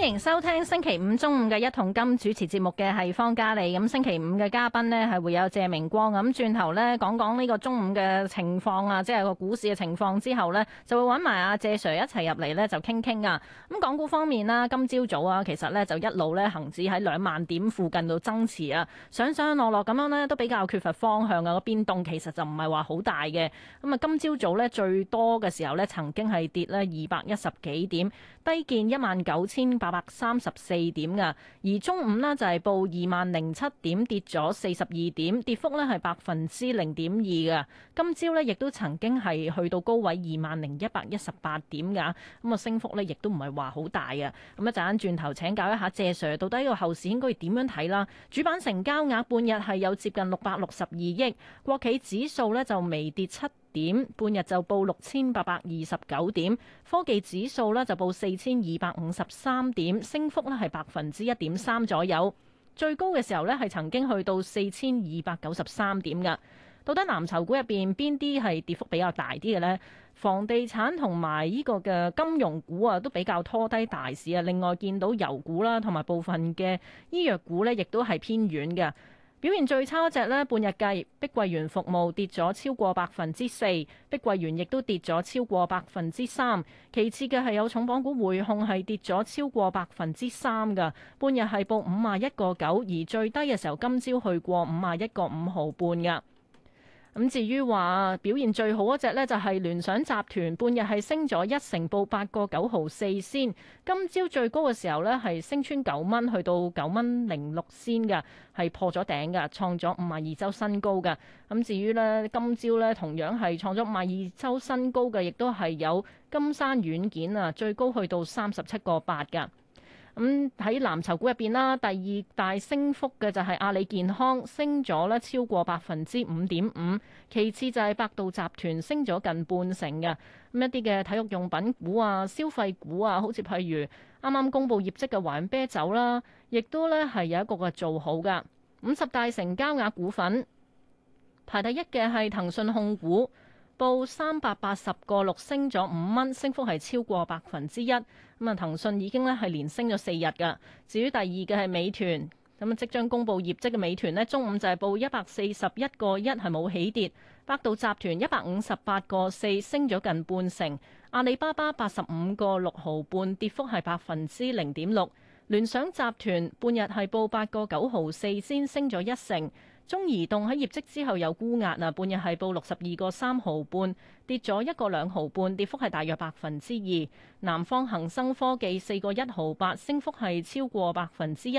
歡迎收聽星期五中午嘅一桶金，主持節目嘅係方嘉莉。咁星期五嘅嘉賓呢，係會有謝明光。咁轉頭呢，講講呢個中午嘅情況啊，即係個股市嘅情況之後呢，就會揾埋阿謝 Sir 一齊入嚟呢，就傾傾啊。咁港股方面啦，今朝早啊，其實呢就一路呢，恒指喺兩萬點附近度增持啊，上上落落咁樣呢，都比較缺乏方向啊，個變動，其實就唔係話好大嘅。咁啊，今朝早呢，最多嘅時候呢，曾經係跌呢二百一十幾點，低見一萬九千八。百三十四點噶，而中午呢就係報二萬零七點，跌咗四十二點，跌幅呢係百分之零點二噶。今朝呢亦都曾經係去到高位二萬零一百一十八點噶，咁啊升幅呢亦都唔係話好大啊。咁一陣間轉頭請教一下謝 Sir，到底個後市應該點樣睇啦？主板成交額半日係有接近六百六十二億，國企指數呢就微跌七。點半日就報六千八百二十九點，科技指數呢就報四千二百五十三點，升幅呢係百分之一點三左右。最高嘅時候呢係曾經去到四千二百九十三點㗎。到底藍籌股入邊邊啲係跌幅比較大啲嘅呢？房地產同埋呢個嘅金融股啊，都比較拖低大市啊。另外見到油股啦，同埋部分嘅醫藥股呢，亦都係偏軟嘅。表現最差嗰隻呢，半日計，碧桂園服務跌咗超過百分之四，碧桂園亦都跌咗超過百分之三。其次嘅係有重磅股匯控係跌咗超過百分之三㗎，半日係報五萬一個九，而最低嘅時候今朝去過五萬一個五毫半噶。咁至於話表現最好嗰隻呢，就係聯想集團，半日係升咗一成，報八個九毫四仙。今朝最高嘅時候呢，係升穿九蚊，去到九蚊零六仙嘅，係破咗頂嘅，創咗五十二周新高嘅。咁至於呢，今朝呢，同樣係創咗五十二周新高嘅，亦都係有金山軟件啊，最高去到三十七個八嘅。咁喺、嗯、藍籌股入邊啦，第二大升幅嘅就係阿里健康，升咗咧，超過百分之五點五。其次就係百度集團升咗近半成嘅。咁、嗯、一啲嘅體育用品股啊、消費股啊，好似譬如啱啱公布業績嘅華潤啤酒啦、啊，亦都咧係有一個嘅做好㗎。五十大成交額股份排第一嘅係騰訊控股。報三百八十個六，升咗五蚊，升幅係超過百分之一。咁啊，騰訊已經咧係連升咗四日㗎。至於第二嘅係美團，咁啊，即將公佈業績嘅美團呢，中午就係報一百四十一個一，係冇起跌。百度集團一百五十八個四，升咗近半成。阿里巴巴八十五個六毫半，跌幅係百分之零點六。聯想集團半日係報八個九毫四，先升咗一成。中移動喺業績之後有沽壓啊，半日係報六十二個三毫半，跌咗一個兩毫半，跌幅係大約百分之二。南方恒生科技四個一毫八，升幅係超過百分之一。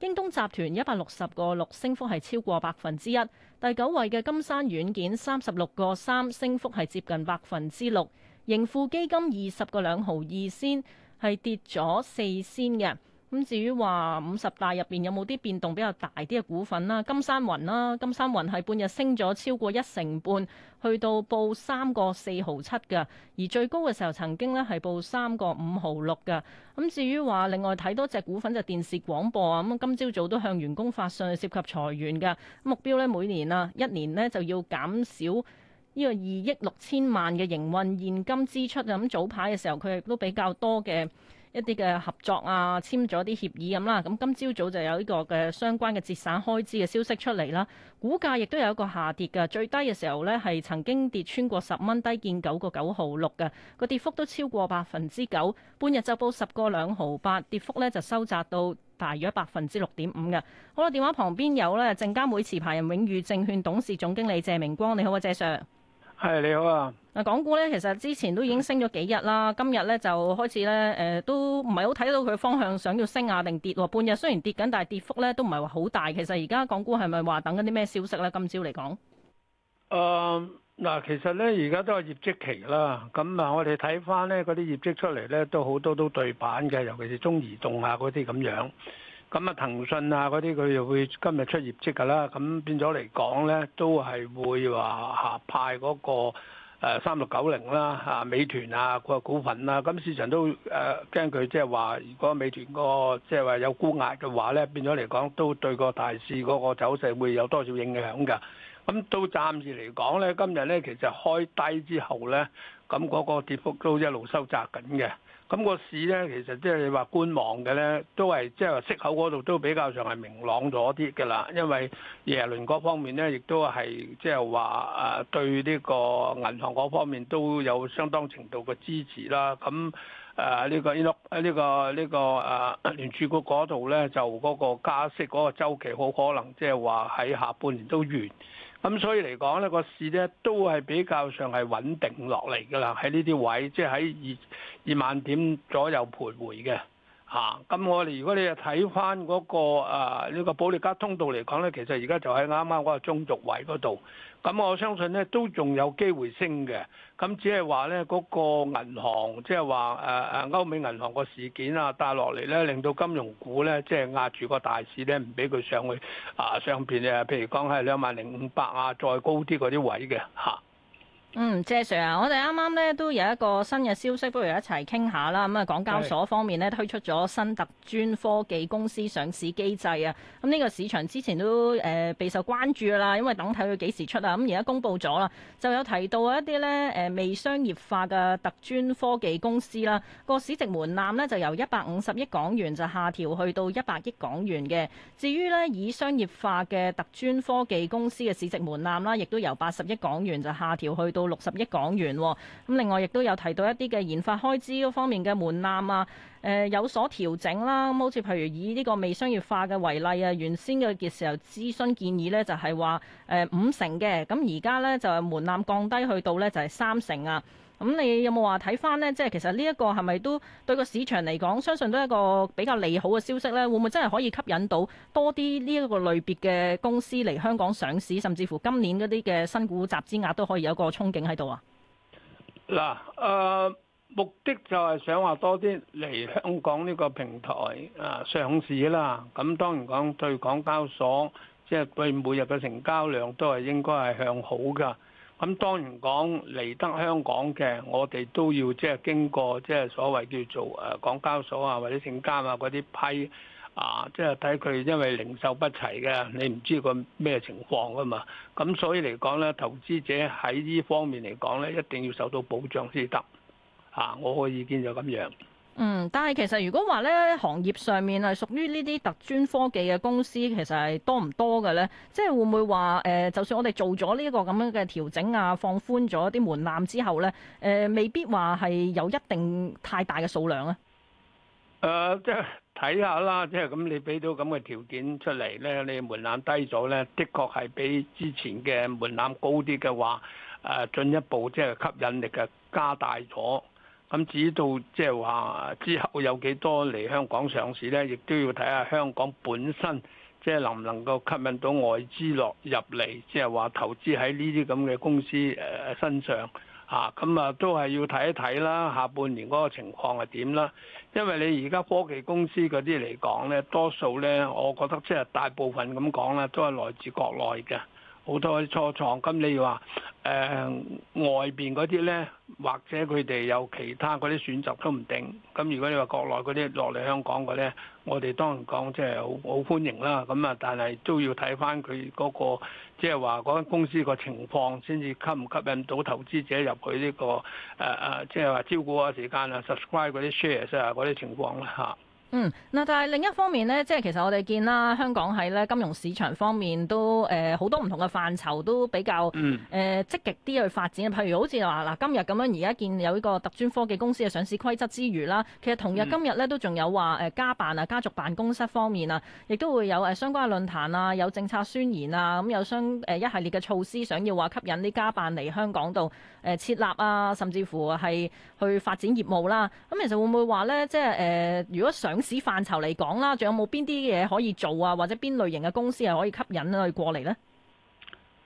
京東集團一百六十個六，升幅係超過百分之一。第九位嘅金山軟件三十六個三，升幅係接近百分之六。盈富基金二十個兩毫二先係跌咗四先嘅。咁至於話五十大入邊有冇啲變動比較大啲嘅股份啦？金山雲啦，金山雲係半日升咗超過一成半，去到報三個四毫七㗎，而最高嘅時候曾經咧係報三個五毫六㗎。咁至於話另外睇多隻股份就電視廣播啊，咁今朝早，早都向員工發信涉及裁員嘅目標咧，每年啊一年咧就要減少呢個二億六千萬嘅營運現金支出。咁早排嘅時候佢亦都比較多嘅。一啲嘅合作啊，簽咗啲協議咁、啊、啦，咁今朝早就有呢個嘅相關嘅節省開支嘅消息出嚟啦，股價亦都有一個下跌嘅，最低嘅時候呢，係曾經跌穿過十蚊低見九個九毫六嘅，個跌幅都超過百分之九，半日就報十個兩毫八，跌幅呢，就收窄到大約百分之六點五嘅。好啦，電話旁邊有咧證監會持牌人永宇證券董事總經理謝明光，你好啊，我謝 Sir。係，你好啊！嗱，港股咧，其實之前都已經升咗幾日啦，今日咧就開始咧，誒、呃，都唔係好睇到佢方向，想要升啊定跌喎，哦？半日雖然跌緊，但係跌幅咧都唔係話好大。其實而家港股係咪話等緊啲咩消息咧？今朝嚟講，誒、呃，嗱、呃，其實咧而家都係業績期啦。咁啊，我哋睇翻咧嗰啲業績出嚟咧，都好多都對版嘅，尤其是中移動啊嗰啲咁樣。咁啊，啊，騰訊啊，嗰啲佢又會今日出業績噶啦。咁變咗嚟講咧，都係會話下派嗰個誒三六九零啦，吓美團啊個股份啦。咁市場都誒驚佢，即係話如果美團個即係話有沽壓嘅話咧，變咗嚟講都對個大市嗰個走勢會有多少影響噶。咁都暫時嚟講咧，今日咧，其實開低之後咧，咁嗰個跌幅都一路收窄緊嘅。咁個市咧，其實即係你話觀望嘅咧，都係即係話息口嗰度都比較上係明朗咗啲嘅啦。因為耶倫嗰方面咧，亦都係即係話誒對呢個銀行嗰方面都有相當程度嘅支持啦。咁誒、這個這個這個這個啊、呢個呢個呢個誒聯儲局嗰度咧，就嗰個加息嗰個週期好可能即係話喺下半年都完。咁、嗯、所以嚟講咧，個市咧都係比較上係穩定落嚟噶啦，喺呢啲位，即係喺二二萬點左右徘徊嘅。啊！咁我哋如果你又睇翻嗰個誒呢個保利加通道嚟講咧，其實而家就喺啱啱嗰個中軸位嗰度。咁我相信咧都仲有機會升嘅。咁只係話咧嗰個銀行，即係話誒誒歐美銀行個事件啊，帶落嚟咧，令到金融股咧即係壓住個大市咧，唔俾佢上去啊上邊誒，譬如講喺兩萬零五百啊，再高啲嗰啲位嘅嚇。啊。嗯，謝 Sir 啊，我哋啱啱呢都有一個新嘅消息，不如一齊傾下啦。咁、嗯、啊，港交所方面呢推出咗新特專科技公司上市機制啊。咁、嗯、呢、這個市場之前都誒備、呃、受關注啦，因為等睇佢幾時出啊。咁而家公布咗啦，就有提到一啲呢誒、呃、未商業化嘅特專科技公司啦。個市值門檻呢就由一百五十億港元就下調去到一百億港元嘅。至於呢，以商業化嘅特專科技公司嘅市值門檻啦，亦都由八十億港元就下調去到。六十億港元，咁另外亦都有提到一啲嘅研發開支方面嘅門檻啊，誒、呃、有所調整啦。咁、呃、好似譬如以呢個未商業化嘅為例啊，原先嘅時候諮詢建議、呃、呢，就係話誒五成嘅，咁而家呢，就係門檻降低去到呢，就係三成啊。咁你有冇話睇翻呢？即係其實呢一個係咪都對個市場嚟講，相信都係一個比較利好嘅消息呢？會唔會真係可以吸引到多啲呢一個類別嘅公司嚟香港上市，甚至乎今年嗰啲嘅新股集資額都可以有一個憧憬喺度啊？嗱、呃，誒目的就係想話多啲嚟香港呢個平台啊上市啦。咁當然講對港交所，即係對每日嘅成交量都係應該係向好噶。咁當然講嚟得香港嘅，我哋都要即係經過即係、就是、所謂叫做誒港交所啊或者證監啊嗰啲批啊，即係睇佢因為零售不齊嘅，你唔知佢咩情況啊嘛。咁所以嚟講咧，投資者喺呢方面嚟講咧，一定要受到保障先得。啊，我個意見就咁樣。嗯，但係其實如果話咧，行業上面係屬於呢啲特專科技嘅公司，其實係多唔多嘅咧？即係會唔會話誒、呃，就算我哋做咗呢一個咁樣嘅調整啊，放寬咗啲門檻之後咧，誒、呃，未必話係有一定太大嘅數量啊？誒、呃，即係睇下啦，即係咁，你俾到咁嘅條件出嚟咧，你門檻低咗咧，的確係比之前嘅門檻高啲嘅話，誒、呃，進一步即係吸引力就加大咗。咁至到即係話之後有幾多嚟香港上市呢，亦都要睇下香港本身即係能唔能夠吸引到外資落入嚟，即係話投資喺呢啲咁嘅公司誒身上嚇，咁啊都係要睇一睇啦。下半年嗰個情況係點啦？因為你而家科技公司嗰啲嚟講呢，多數呢，我覺得即係大部分咁講啦，都係來自國內嘅。好多啲初創，咁你話誒、呃、外邊嗰啲咧，或者佢哋有其他嗰啲選擇都唔定。咁如果你話國內嗰啲落嚟香港嘅咧，我哋當然講即係好好歡迎啦。咁啊，但係都要睇翻佢嗰個即係話嗰間公司個情況，先至吸唔吸引到投資者入去呢，這個誒誒，即係話招股下時間啊，subscribe 嗰啲 share 啊嗰啲情況啦嚇。嗯，嗱，但係另一方面咧，即係其實我哋見啦，香港喺咧金融市場方面都誒好、呃、多唔同嘅範疇都比較誒積極啲去發展。譬如好似話嗱，今日咁樣，而家見有呢個特專科技公司嘅上市規則之餘啦，其實同日、嗯、今日咧都仲有話誒家辦啊，家族辦公室方面啊，亦都會有誒相關嘅論壇啊，有政策宣言啊，咁、嗯、有相誒一系列嘅措施，想要話吸引啲家辦嚟香港度誒、呃、設立啊，甚至乎係去發展業務啦。咁其實會唔會話咧，即係誒、呃、如果想？上市範疇嚟講啦，仲有冇邊啲嘢可以做啊？或者邊類型嘅公司係可以吸引佢過嚟呢？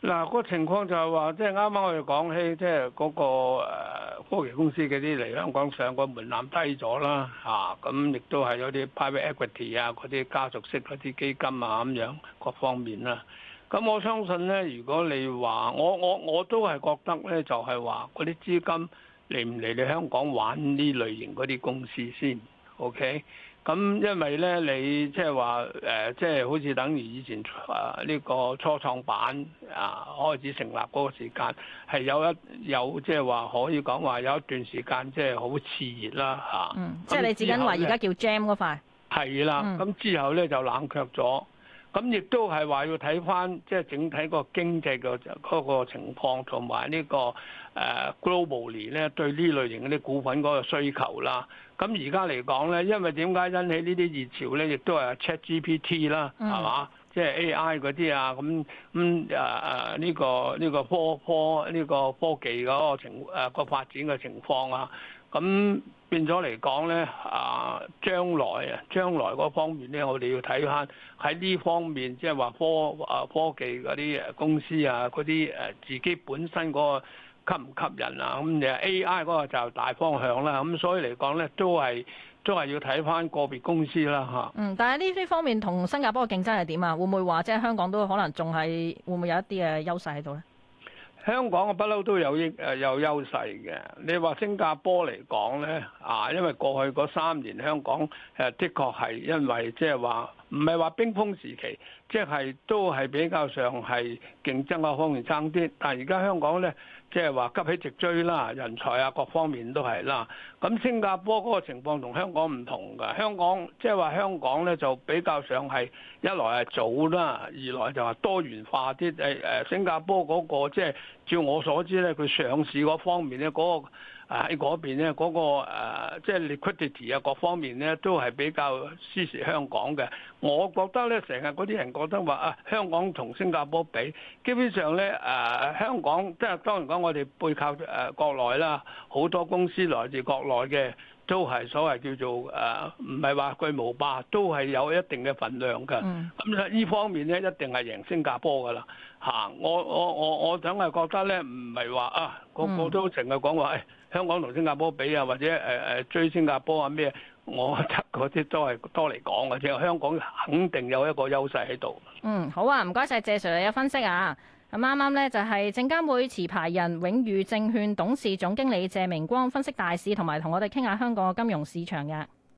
嗱，個情況就係話，即係啱啱我哋講起，即係嗰個誒、呃、科技公司嗰啲嚟香港上嘅門檻低咗啦，吓咁亦都係有啲 private equity 啊，嗰啲家族式嗰啲基金啊咁樣，各方面啦、啊。咁我相信呢，如果你話我我我都係覺得呢，就係話嗰啲資金嚟唔嚟你香港玩呢類型嗰啲公司先，OK？咁因為咧，你即係話誒，即係好似等於以前啊，呢個初創板啊開始成立嗰個時間，係有一有即係話可以講話有一段時間刺、嗯、即係好熾熱啦嚇。即係你自緊話而家叫 GEM 嗰塊。係啦，咁、嗯、之後咧就冷卻咗。咁亦都係話要睇返即係整體個經濟嘅個情況，同埋呢個誒 globality 咧對呢類型嘅啲股份嗰個需求啦。咁而家嚟講咧，因為點解引起呢啲熱潮咧，亦都係 ChatGPT 啦，係嘛，即係 AI 嗰啲啊，咁咁誒誒呢個呢個科科呢個科技嗰個情誒個發展嘅情況啊，咁。變咗嚟講咧，啊將來啊將來嗰方面咧，我哋要睇翻喺呢方面，即係話科啊科技嗰啲誒公司啊，嗰啲誒自己本身嗰個吸唔吸引啊？咁、啊、誒 AI 嗰個就大方向啦。咁、啊、所以嚟講咧，都係都係要睇返個別公司啦，嚇。嗯，但係呢呢方面同新加坡嘅競爭係點啊？會唔會話即係香港都可能仲係會唔會有一啲嘅優勢喺度咧？香港嘅不嬲都有益誒有優勢嘅。你話新加坡嚟講咧，啊，因為過去嗰三年香港誒的確係因為即係話。唔係話冰封時期，即係都係比較上係競爭嘅方面爭啲。但係而家香港呢，即係話急起直追啦，人才啊各方面都係啦。咁新加坡嗰個情況同香港唔同㗎。香港即係話香港呢，就比較上係一來係早啦，二來就話多元化啲。誒誒，新加坡嗰個，即係照我所知呢，佢上市嗰方面呢，嗰個。啊喺嗰邊咧，嗰個即係 liquidity 啊，嗰個呃即係、liquidity，各方面咧都係比較支持香港嘅。我覺得咧，成日嗰啲人覺得話啊，香港同新加坡比，基本上咧誒、呃、香港即係當然講我哋背靠誒、呃、國內啦，好多公司來自國內嘅。都係所謂叫做誒，唔係話巨無霸，都係有一定嘅份量嘅。咁呢、嗯、方面咧，一定係贏新加坡噶啦。行、啊，我我我我總係覺得咧，唔係話啊個個都成日講話誒香港同新加坡比啊，或者誒誒、呃、追新加坡啊咩？我覺得嗰啲都係多嚟講嘅，即係香港肯定有一個優勢喺度。嗯，好啊，唔該晒，謝 Sir 有分析啊！咁啱啱呢，剛剛就係證監會持牌人永裕證券董事總經理謝明光分析大市，同埋同我哋傾下香港金融市場嘅。